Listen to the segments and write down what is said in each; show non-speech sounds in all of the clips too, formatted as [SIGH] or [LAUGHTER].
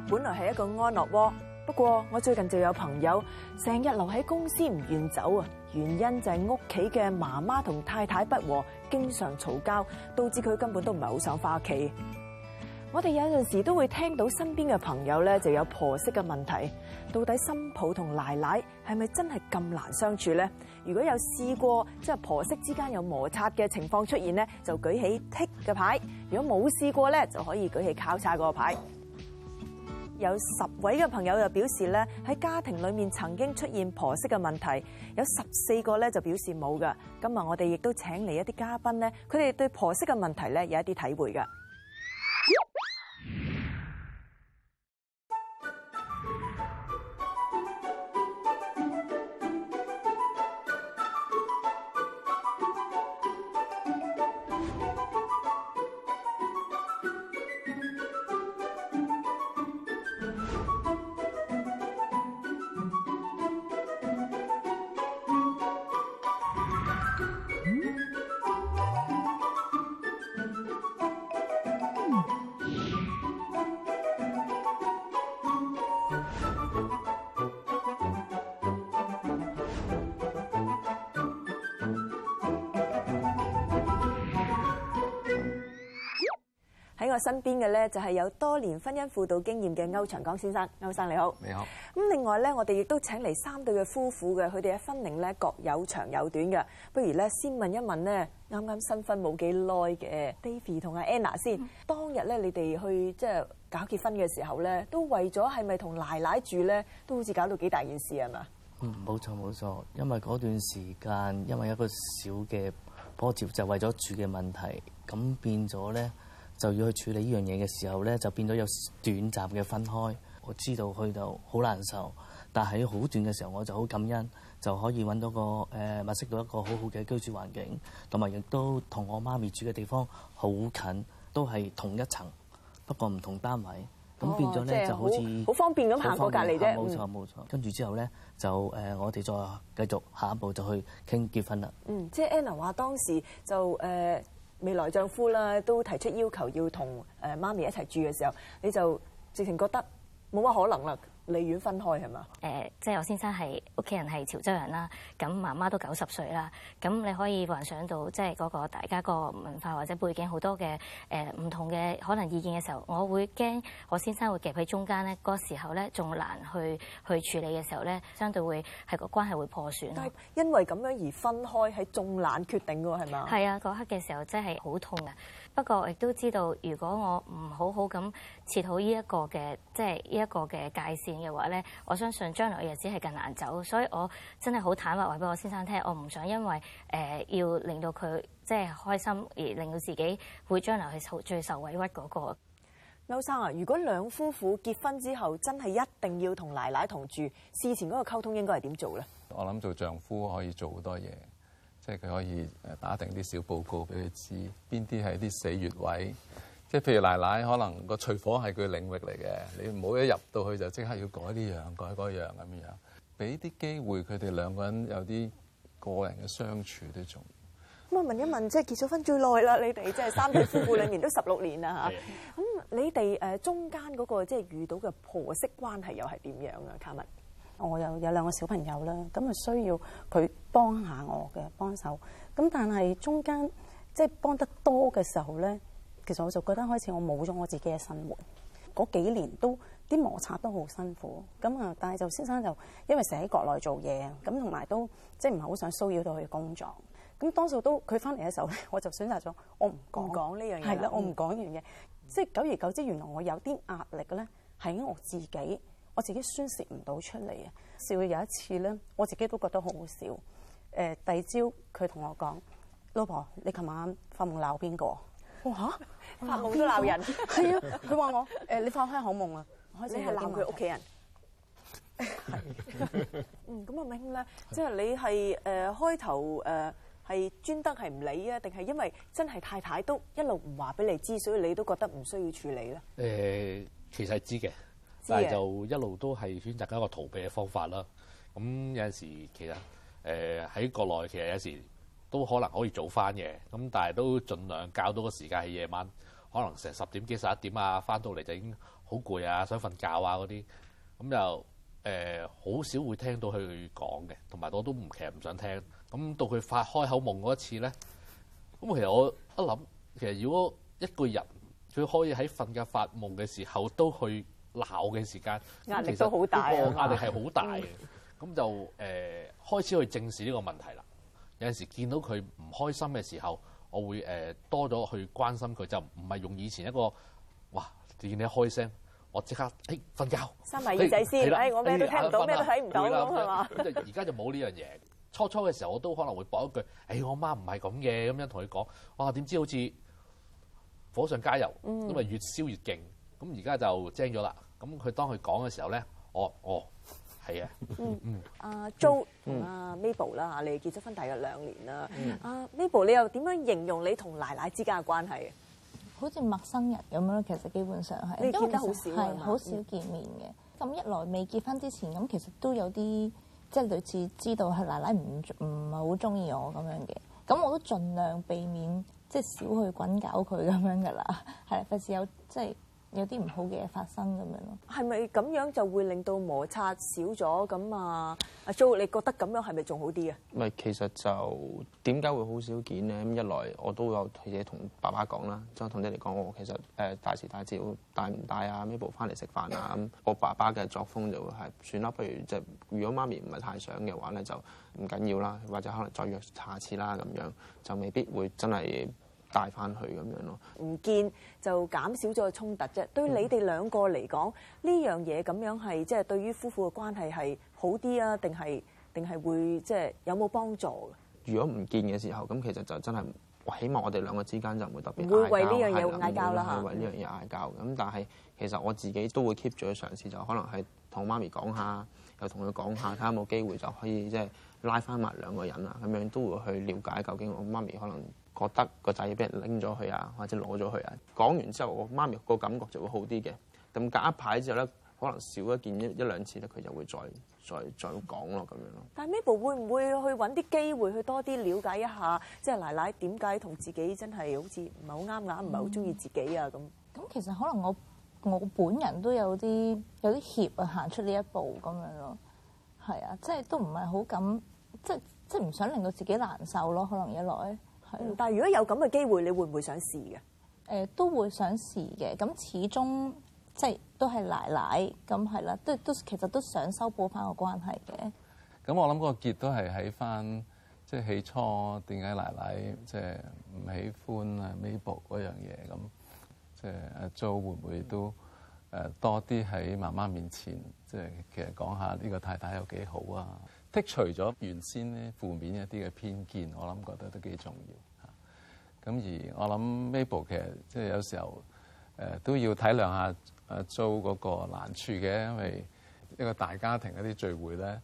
本來係一個安樂窩，不過我最近就有朋友成日留喺公司唔願走啊，原因就係屋企嘅媽媽同太太不和，經常嘈交，導致佢根本都唔係好想翻屋企。我哋有陣時都會聽到身邊嘅朋友咧就有婆媳嘅問題，到底新抱同奶奶係咪真係咁難相處咧？如果有試過即係婆媳之間有摩擦嘅情況出現咧，就舉起剔嘅牌；如果冇試過咧，就可以舉起交叉嗰個牌。有十位嘅朋友又表示咧，喺家庭裏面曾經出現婆媳嘅問題，有十四個咧就表示冇噶。今日我哋亦都請嚟一啲嘉賓咧，佢哋對婆媳嘅問題咧有一啲體會噶。身邊嘅咧就係有多年婚姻輔導經驗嘅區祥江先生，區生你好，你好咁。另外咧，我哋亦都請嚟三對嘅夫婦嘅，佢哋嘅婚齡咧各有長有短嘅。不如咧，先問一問咧，啱啱新婚冇幾耐嘅 Davy 同阿 Anna 先。當日咧，你哋去即係搞結婚嘅時候咧，都為咗係咪同奶奶住咧，都好似搞到幾大件事係嘛？嗯，冇錯冇錯，因為嗰段時間，因為一個小嘅波折，就為咗住嘅問題，咁變咗咧。就要去處理呢樣嘢嘅時候咧，就變咗有短暫嘅分開。我知道去到好難受，但係好短嘅時候，我就好感恩，就可以搵到個誒物、呃、色到一個很好好嘅居住環境，同埋亦都同我媽咪住嘅地方好近，都係同一層，不過唔同單位。咁變咗咧、哦、就好似好方便咁行過隔離啫。冇錯冇、嗯、錯。跟住之後咧就誒、呃，我哋再繼續下一步就去傾結婚啦。嗯，即係 Anna 話當時就誒。呃未來丈夫啦，都提出要求要同誒媽咪一齊住嘅時候，你就直情覺得冇乜可能啦。離遠分開係嘛？誒、呃，即係我先生係屋企人係潮州人啦，咁媽媽都九十歲啦，咁你可以幻想到，即係嗰個大家個文化或者背景好多嘅誒唔同嘅可能意見嘅時候，我會驚我先生會夾喺中間咧，嗰個時候咧仲難去去處理嘅時候咧，相對會係個關係會破損。但係因為咁樣而分開係仲難決定㗎喎，係嘛？係啊，嗰刻嘅時候真係好痛啊！不過，我亦都知道，如果我唔好切好咁設好呢一個嘅，即係呢一個嘅界線嘅話咧，我相信將來嘅日子係更難走。所以我真係好坦白話俾我先生聽，我唔想因為誒、呃、要令到佢即係開心，而令到自己會將來係受最受委屈嗰、那個。區生啊，如果兩夫婦結婚之後真係一定要同奶奶同住，事前嗰個溝通應該係點做咧？我諗做丈夫可以做好多嘢。即係佢可以誒打定啲小報告俾佢知，邊啲係啲死穴位，即係譬如奶奶可能個廚房係佢領域嚟嘅，你唔好一入到去就即刻要改呢樣改嗰樣咁樣，俾啲機會佢哋兩個人有啲個人嘅相處都重要。咁啊問一問，即係結咗婚最耐啦，你哋即係三對夫婦裡面都十六年啦嚇。咁 [LAUGHS] 你哋誒中間嗰、嗰個即係遇到嘅婆媳關係又係點樣啊？卡文？我有有兩個小朋友啦，咁啊需要佢幫下我嘅幫手。咁但係中間即係、就是、幫得多嘅時候咧，其實我就覺得開始我冇咗我自己嘅生活。嗰幾年都啲摩擦都好辛苦。咁啊，但係就先生就因為成日喺國內做嘢，咁同埋都即係唔係好想騷擾到佢嘅工作。咁多數都佢翻嚟嘅時候咧，我就選擇咗我唔講呢樣嘢。係啦，是的嗯、我唔講呢樣嘢。即、就、係、是、久而久之，原來我有啲壓力咧喺我自己。我自己宣泄唔到出嚟啊！所以有一次咧，我自己都覺得好好笑。誒，第二朝佢同我講：老婆，你琴晚發夢鬧邊個？我嚇發夢都鬧人，係啊誰！佢話 [LAUGHS] 我誒，你發開口夢啊！開始係鬧佢屋企人。係。嗯，咁啊，明啦。即係你係誒開頭誒係專登係唔理啊，定係因為真係太太都一路唔話俾你知，所以你都覺得唔需要處理咧？誒，其實係知嘅。但係就一路都係選擇一個逃避嘅方法啦。咁有陣時其實誒喺、呃、國內其實有時都可能可以早翻嘅。咁但係都儘量教到個時間係夜晚，可能成十點幾、十一點啊，翻到嚟就已經好攰啊，想瞓覺啊嗰啲。咁就，誒、呃、好少會聽到佢講嘅，同埋我都唔其實唔想聽。咁到佢發開口夢嗰一次咧，咁其實我一諗，其實如果一個人佢可以喺瞓覺發夢嘅時候都去。鬧嘅時間壓力都好大啊！壓力係好大嘅，咁、嗯、就誒、呃、開始去正視呢個問題啦。有陣時見到佢唔開心嘅時候，我會、呃、多咗去關心佢，就唔係用以前一個哇見你開聲，我即刻誒瞓、欸、覺，收埋耳仔先，欸、我咩都聽唔到，咩、欸、都睇唔到咁係嘛？而家嗎就冇呢樣嘢。初初嘅時候我都可能會駁一句，誒、欸、我媽唔係咁嘅，咁樣同佢講。哇！點知好似火上加油，因為越燒越勁。咁而家就正咗啦。咁佢當佢講嘅時候咧，哦哦，係、嗯、啊，嗯嗯，阿 Jo 同阿 Mabel 啦，abel，你哋結咗婚大約兩年啦，阿、嗯、Mabel 你又點樣形容你同奶奶之間嘅關係啊？好似陌生人咁樣咯，其實基本上係，你都好少因為其實係好少見面嘅。咁、嗯、一來未結婚之前，咁其實都有啲即係類似知道係奶奶唔唔係好中意我咁樣嘅，咁我都盡量避免即係、即係、少去滾搞佢咁樣噶啦，係費事有即係。即係有啲唔好嘅嘢發生咁樣咯，係咪咁樣就會令到摩擦少咗咁啊？阿 Jo，你覺得咁樣係咪仲好啲啊？唔係，其實就點解會好少見咧？咁一來我都有嘢同爸爸講啦，就係同你嚟講，我其實誒大時大節帶唔帶啊？Maybe 翻嚟食飯啊？咁 [COUGHS] 我爸爸嘅作風就會、是、係算啦，不如即、就、係、是、如果媽咪唔係太想嘅話咧，就唔緊要啦，或者可能再約下次啦咁樣，就未必會真係。帶翻去咁樣咯，唔見就減少咗個衝突啫。對你哋兩個嚟講，呢、嗯、樣嘢咁樣係即係對於夫婦嘅關係係好啲啊，定係定係會即係、就是、有冇幫助？如果唔見嘅時候，咁其實就真係，起碼我哋兩個之間就唔會特別唔會為呢樣嘢嗌交啦嚇。是會會為呢樣嘢嗌交咁，嗯、但係其實我自己都會 keep 住嘗試，就可能係同媽咪講下，又同佢講下，睇下有冇機會就可以即係、就是、拉翻埋兩個人啊。咁樣都會去了解究竟我媽咪可能。覺得個仔俾人拎咗去啊，或者攞咗去啊。講完之後，我媽咪個感覺就會好啲嘅。咁隔一排之後咧，可能少一見一一兩次咧，佢就會再再再講咯，咁樣咯。但係 Mabel 會唔會去搵啲機會去多啲了解一下，即係奶奶點解同自己真係好似唔係好啱眼，唔係好中意自己啊？咁咁其實可能我我本人都有啲有啲怯啊，行出呢一步咁樣咯，係啊，即係都唔係好敢即即唔想令到自己難受咯。可能一來。係、嗯，但係如果有咁嘅機會，你會唔會想試嘅？誒、呃，都會想試嘅。咁始終即係都係奶奶咁係啦，都都其實都想修補翻個關係嘅。咁、嗯、我諗個結都係喺翻即係起初點解奶奶即係唔喜歡啊 Mabel 嗰樣嘢咁，即係阿 Joe 會唔會都誒、嗯呃、多啲喺媽媽面前，即、就、係、是、其實講下呢個太太有幾好啊？剔除咗原先咧負面一啲嘅偏見，我諗覺得都幾重要嚇。咁而我諗 Mable 其實即係有時候誒、呃、都要體諒下阿 Joe 嗰個難處嘅，因為一個大家庭一啲聚會咧誒、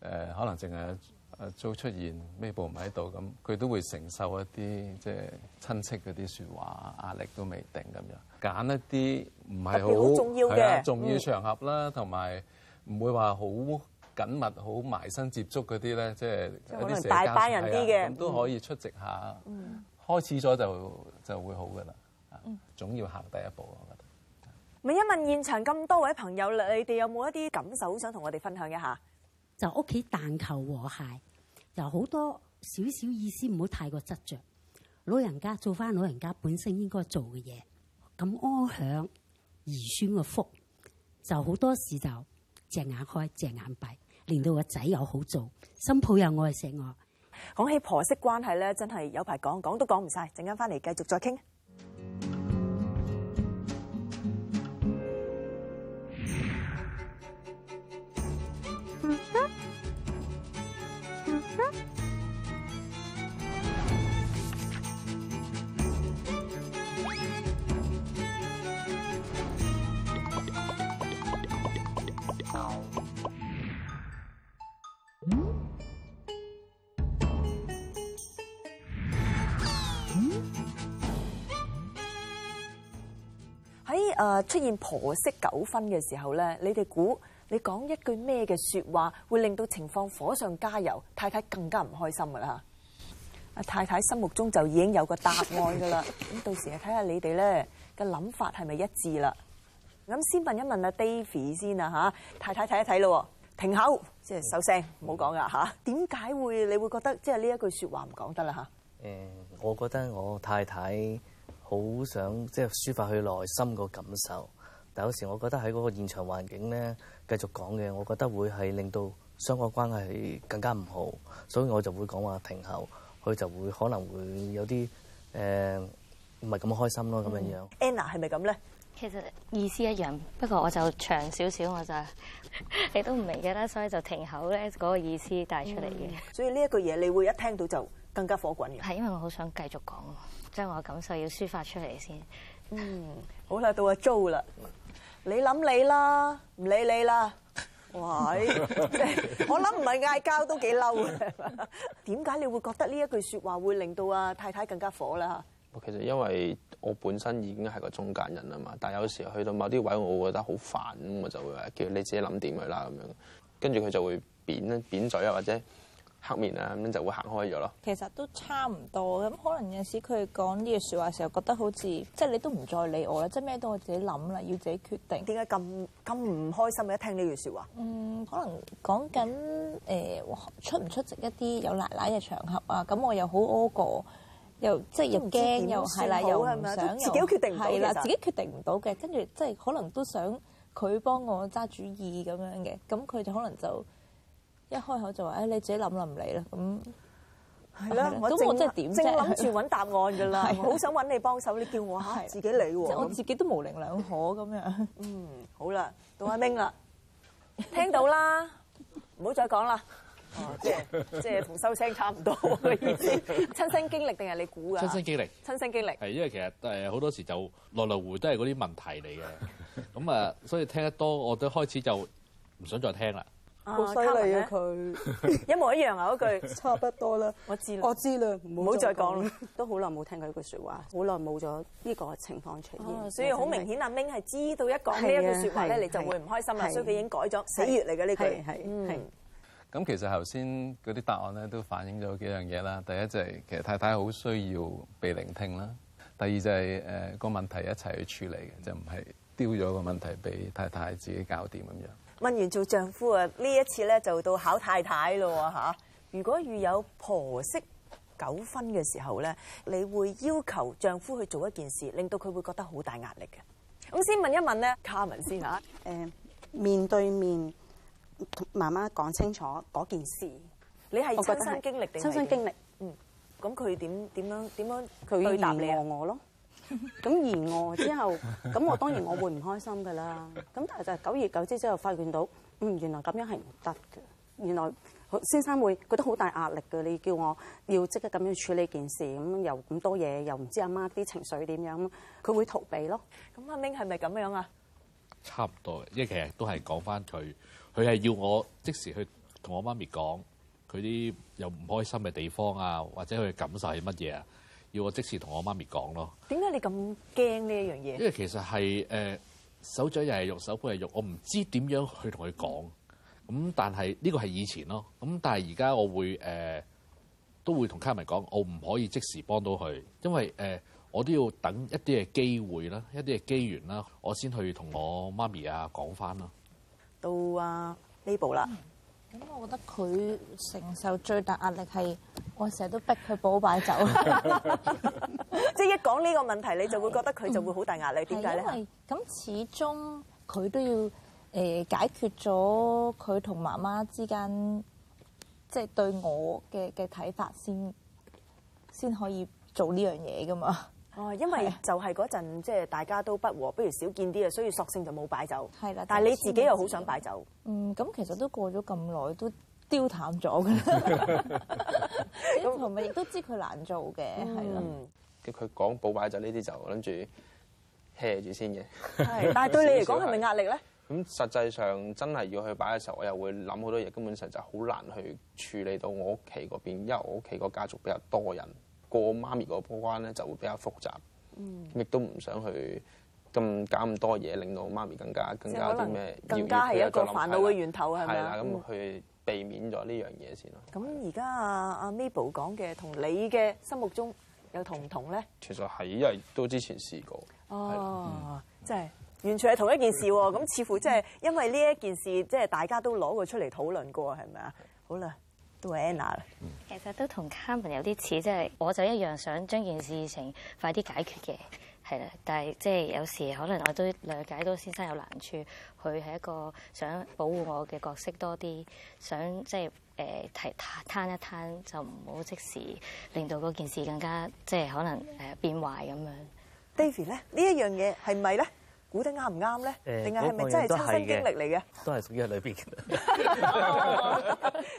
呃，可能淨係阿 Joe 出現、嗯、Mable 唔喺度咁，佢都會承受一啲即係親戚嗰啲説話壓力都未定咁樣，揀一啲唔係好重要嘅、啊、重要嘅場合啦，同埋唔會話好，緊密好埋身接觸嗰啲咧，即係一啲社家，可能大班人啲嘅，係啊，嗯、都可以出席下。嗯、開始咗就就會好噶啦，嗯、總要行第一步，我覺得。問一問現場咁多位朋友，你哋有冇一啲感受想同我哋分享一下？就屋企但求和諧，有好多少少意思，唔好太過執着。老人家做翻老人家本身應該做嘅嘢，咁安享兒孫嘅福，就好多時就隻眼開隻眼閉。令到個仔又好做，新抱又愛錫我。講起婆媳關係咧，真係有排講，講都講唔晒。陣間翻嚟繼續再傾。誒出現婆媳糾紛嘅時候咧，你哋估你講一句咩嘅説話會令到情況火上加油，太太更加唔開心㗎啦嚇。阿太太心目中就已經有個答案㗎啦，咁 [LAUGHS] 到時睇下你哋咧嘅諗法係咪一致啦。咁先問一問阿 Davy 先啊嚇，太太睇一睇咯，停口，即係收聲，唔好講㗎嚇。點解會你會覺得即係呢一句説話唔講得啦嚇？誒、呃，我覺得我太太。好想即係抒發佢內心個感受，但有時我覺得喺嗰個現場環境咧，繼續講嘅，我覺得會係令到雙方關，關係更加唔好，所以我就會講話停口，佢就會可能會有啲誒唔係咁開心咯，咁樣、嗯、樣。Anna 係咪咁咧？其實意思一樣，不過我就長少少，我就 [LAUGHS] 你都唔明嘅啦，所以就停口咧嗰個意思帶出嚟嘅、嗯。所以呢一句嘢，你會一聽到就更加火滾嘅。係因為我好想繼續講將我感受要抒發出嚟先，嗯，好啦，到阿 Jo 啦，你諗你啦，唔理你啦，喂，我諗唔係嗌交都幾嬲嘅，點解你會覺得呢一句説話會令到阿太太更加火啦？其實因為我本身已經係個中間人啊嘛，但係有時去到某啲位，我會覺得好煩，我就會話叫你自己諗點佢啦咁樣，跟住佢就會扁扁嘴啊或者。黑面啊，咁就會行開咗咯。其實都差唔多，咁可能有時佢講呢句説話時候，覺得好似即係你都唔再理我啦，即係咩都我自己諗啦，要自己決定。點解咁咁唔開心？一聽呢句説話。嗯，可能講緊誒出唔出席一啲有奶奶嘅場合啊，咁我又好屙、呃、過，又即係又驚怕又係啦，又唔想自己決定唔到嘅自己決定唔到嘅，跟住即係可能都想佢幫我揸主意咁樣嘅，咁佢就可能就。一開口就話誒你自己諗，諗唔理啦，咁係啦，我正正諗住揾答案㗎啦，好想揾你幫手，你叫我嚇自己嚟喎，即係我自己都模棱兩可咁樣。嗯，好啦，到阿 Ming 啦，聽到啦，唔好再講啦。哦，即係即係同收聲差唔多嘅意思，親身經歷定係你估㗎？親身經歷，親身經歷。係因為其實誒好多時就來來回都係嗰啲問題嚟嘅，咁啊，所以聽得多我都開始就唔想再聽啦。好犀利啊！佢一模一樣啊！嗰句差不多啦，我知啦，唔好再講啦。都好耐冇聽過呢句説話，好耐冇咗呢個情況出現。所以好明顯阿 Ming 係知道一講呢一句説話咧，你就會唔開心啦。所以佢已經改咗，死穴嚟嘅呢句。係係。咁其實頭先嗰啲答案咧，都反映咗幾樣嘢啦。第一就係其實太太好需要被聆聽啦。第二就係誒個問題一齊去處理嘅，就唔係丟咗個問題俾太太自己搞掂咁樣。問完做丈夫啊，呢一次咧就到考太太咯嚇。如果遇有婆媳糾紛嘅時候咧，你會要求丈夫去做一件事，令到佢會覺得好大壓力嘅。咁先問一問咧，卡文先嚇。呃，面對面同媽媽講清楚嗰件事。你係親身經歷定係？親身經歷。嗯。咁佢點點樣點樣樣對答你他我我咯？咁 [LAUGHS] 而我之後，咁我當然我會唔開心噶啦。咁但係就係久而久之之後，發現到，嗯，原來咁樣係唔得嘅。原來先生會覺得好大壓力嘅。你叫我要即刻咁樣處理件事，咁又咁多嘢，又唔知阿媽啲情緒點樣，佢會逃避咯。咁阿明係咪咁樣啊？差唔多，因為其實都係講翻佢，佢係要我即時去同我媽咪講佢啲又唔開心嘅地方啊，或者佢感受係乜嘢啊？要我即時同我媽咪講咯。點解你咁驚呢一樣嘢？因為其實係誒，手掌又係肉，手背又係肉，我唔知點樣去同佢講。咁但係呢個係以前咯。咁但係而家我會誒、呃、都會同 Carmen 講，我唔可以即時幫到佢，因為誒、呃、我都要等一啲嘅機會啦，一啲嘅機緣啦，我先去同我媽咪啊講翻啦。到啊呢部啦。嗯咁我覺得佢承受最大壓力係，我成日都逼佢補擺酒。 [LAUGHS] [LAUGHS] 即係一講呢個問題，你就會覺得佢就會好大壓力，點解咧？因為咁始終佢都要誒、呃、解決咗佢同媽媽之間，即係對我嘅嘅睇法先，先可以做呢樣嘢㗎嘛。哦，因為就係嗰陣即係大家都不和，不如少見啲啊，所以索性就冇擺酒。係啦，但係你自己又好想擺酒。嗯，咁其實都過咗咁耐，都丟淡咗㗎啦。咁同埋亦都知佢難做嘅，係啦、嗯。咁佢講補擺酒呢啲就諗住 hea 住先嘅。係，但係對你嚟講係咪壓力咧？咁實際上真係要去擺嘅時候，我又會諗好多嘢，根本上就好難去處理到我屋企嗰邊，因為我屋企個家族比較多人。過媽咪個關咧就會比較複雜，亦都唔想去咁搞咁多嘢，令到媽咪更加更加啲咩，更加係一個煩惱嘅源頭，係咪啊？係啦，咁去避免咗呢樣嘢先咯。咁而家阿阿 Mabel 講嘅，同、嗯、你嘅心目中有同唔同咧？其實係，因為都之前試過。係哦，即係、嗯、完全係同一件事喎。咁 [LAUGHS] 似乎即係因為呢一件事，即、就、係、是、大家都攞佢出嚟討論過，係咪啊？ [LAUGHS] 好啦。都係 Anna 其實都同 Carmen 有啲似，即、就、係、是、我就一樣想將件事情快啲解決嘅，係啦。但係即係有時可能我都瞭解到先生有難處，佢係一個想保護我嘅角色多啲，想即係誒提攤一攤就唔好即時令到嗰件事更加即係、就是、可能誒、呃、變壞咁樣。Davy 咧呢一樣嘢係咪咧？是的 估得啱唔啱咧？定係係咪真係親身經歷嚟嘅？都係屬於喺裏邊嘅，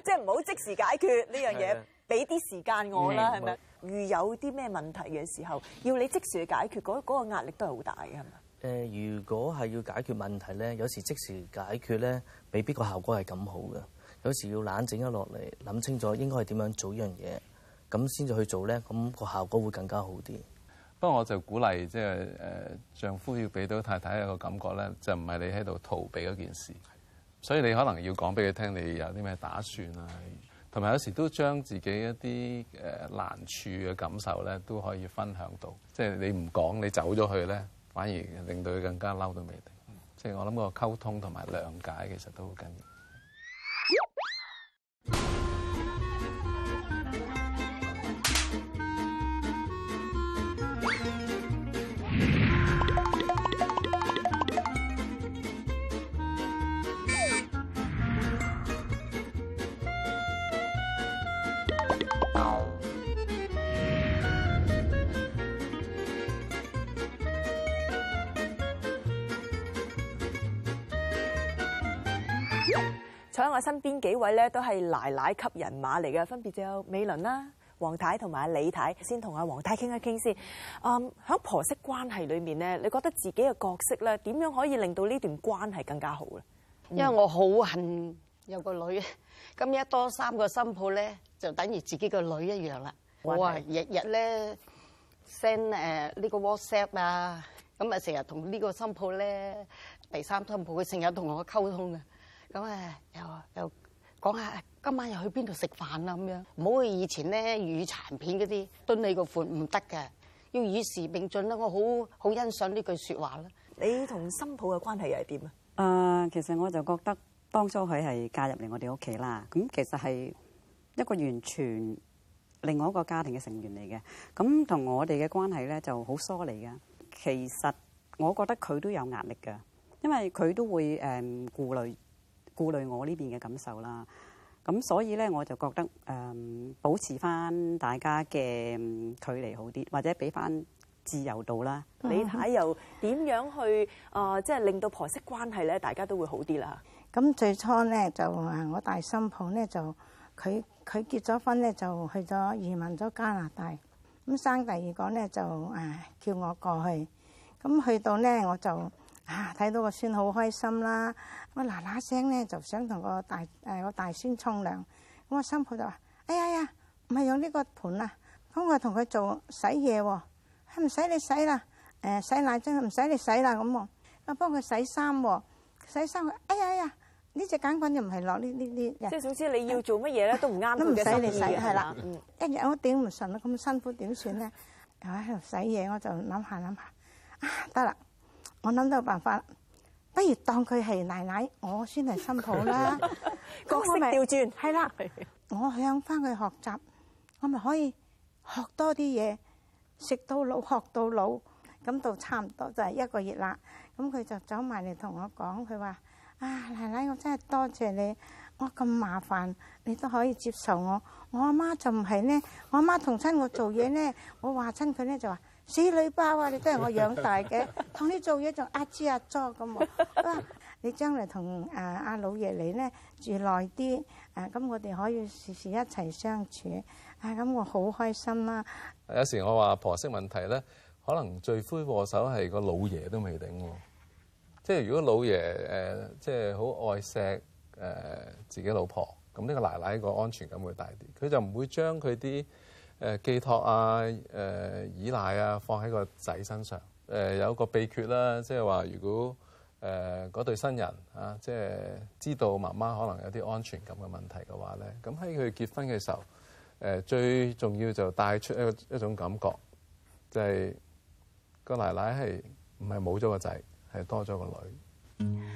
即係唔好即時解決呢樣嘢，俾啲的時間我啦，係咪、嗯？遇嗎有啲咩問題嘅時候，要你即時去解決，嗰、那、嗰個壓力都係好大嘅，係咪？誒、呃，如果係要解決問題咧，有時即時解決咧，未必個效果係咁好嘅。有時要冷靜一落嚟，諗清楚應該係點樣做呢樣嘢，咁先至去做咧，咁、那個效果會更加好啲。不過我就鼓勵即係誒丈夫要俾到太太一個感覺咧，就唔係你喺度逃避嗰件事，所以你可能要講俾佢聽你有啲咩打算啊，同埋有時都將自己一啲誒難處嘅感受咧都可以分享到，即係你唔講你走咗去咧，反而令到佢更加嬲都未定，即係我諗個溝通同埋諒解其實都好緊要。坐喺我身邊幾位咧，都係奶奶級人馬嚟嘅，分別就有美麟啦、黃太同埋阿李太。先同阿黃太傾一傾先。嗯，喺婆媳關係裏面咧，你覺得自己嘅角色咧，點樣可以令到呢段關係更加好咧？因為我好恨有個女，咁一多三個新抱咧，就等於自己個女一樣啦。我啊，日日咧 send 誒呢個 WhatsApp 啊，咁啊成日同呢個新抱咧、第三新抱，佢成日同我溝通嘅。咁啊，又又講下今晚又去邊度食飯啦？咁樣唔好以前咧粵語殘片嗰啲蹲你個款唔得嘅，要與時並進啦。我好好欣賞呢句説話啦。你同新抱嘅關係又係點啊？啊，其實我就覺得當初佢係嫁入嚟我哋屋企啦。咁其實係一個完全另外一個家庭嘅成員嚟嘅。咁同我哋嘅關係咧就好疏離嘅。其實我覺得佢都有壓力㗎，因為佢都會誒顧慮。顧慮我呢邊嘅感受啦，咁所以咧我就覺得誒、呃、保持翻大家嘅距離好啲，或者俾翻自由度啦。嗯、你睇又點樣去啊？即、呃、係、就是、令到婆媳關係咧，大家都會好啲啦。咁最初咧就我大新抱咧就佢佢結咗婚咧就去咗移民咗加拿大，咁生第二個咧就誒、啊、叫我過去，咁去到咧我就。啊！睇到個孫好開心啦，我嗱嗱聲咧就想同個大誒個大孫沖涼。咁我新抱就話：哎呀呀，唔係用呢個盤啊，咁我同佢做洗嘢喎。唔使你洗啦，誒洗奶樽唔使你洗啦咁喎。我幫佢洗衫喎，洗衫。哎呀呀，呢隻揀棍又唔係落呢呢呢。即係總之你要做乜嘢咧都唔啱都唔使你洗係啦，嗯、一日我頂唔順咁辛苦點算咧？又喺度、哎、洗嘢我就諗下諗下，啊得啦。我諗到個辦法，不如當佢係奶奶，我先係新抱啦，我咪調轉係啦。我向翻佢學習，我咪可以學多啲嘢，食到老學到老。咁到差唔多就係一個月啦。咁佢就走埋嚟同我講，佢話：啊奶奶，我真係多謝你，我咁麻煩你都可以接受我。我阿媽就唔係呢。我阿媽同親我做嘢呢，我話親佢呢就話。死女包啊！你都係我養大嘅，同你做嘢仲阿支阿捉咁喎。你將嚟同誒阿老爺你咧住耐啲，誒咁我哋可以時時一齊相處。啊咁，我好開心啦，啊！有時我話婆媳問題咧，可能罪魁禍首係個老爺都未定喎。即係如果老爺誒即係好愛錫誒自己老婆，咁呢個奶奶個安全感會大啲。佢就唔會將佢啲。誒、呃、寄託啊，誒、呃、依賴啊，放喺個仔身上。誒、呃、有個秘訣啦，即係話如果誒嗰、呃、對新人啊，即、就、係、是、知道媽媽可能有啲安全感嘅問題嘅話咧，咁喺佢結婚嘅時候，誒、呃、最重要就帶出一一種感覺，就係、是、個奶奶係唔係冇咗個仔，係多咗個女。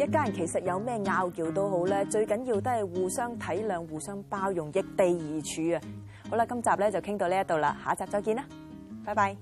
一家人其實有咩拗撬都好咧，最緊要都係互相體諒、互相包容、易地而處啊！好啦，今集咧就傾到呢一度啦，下一集再見啦，拜拜。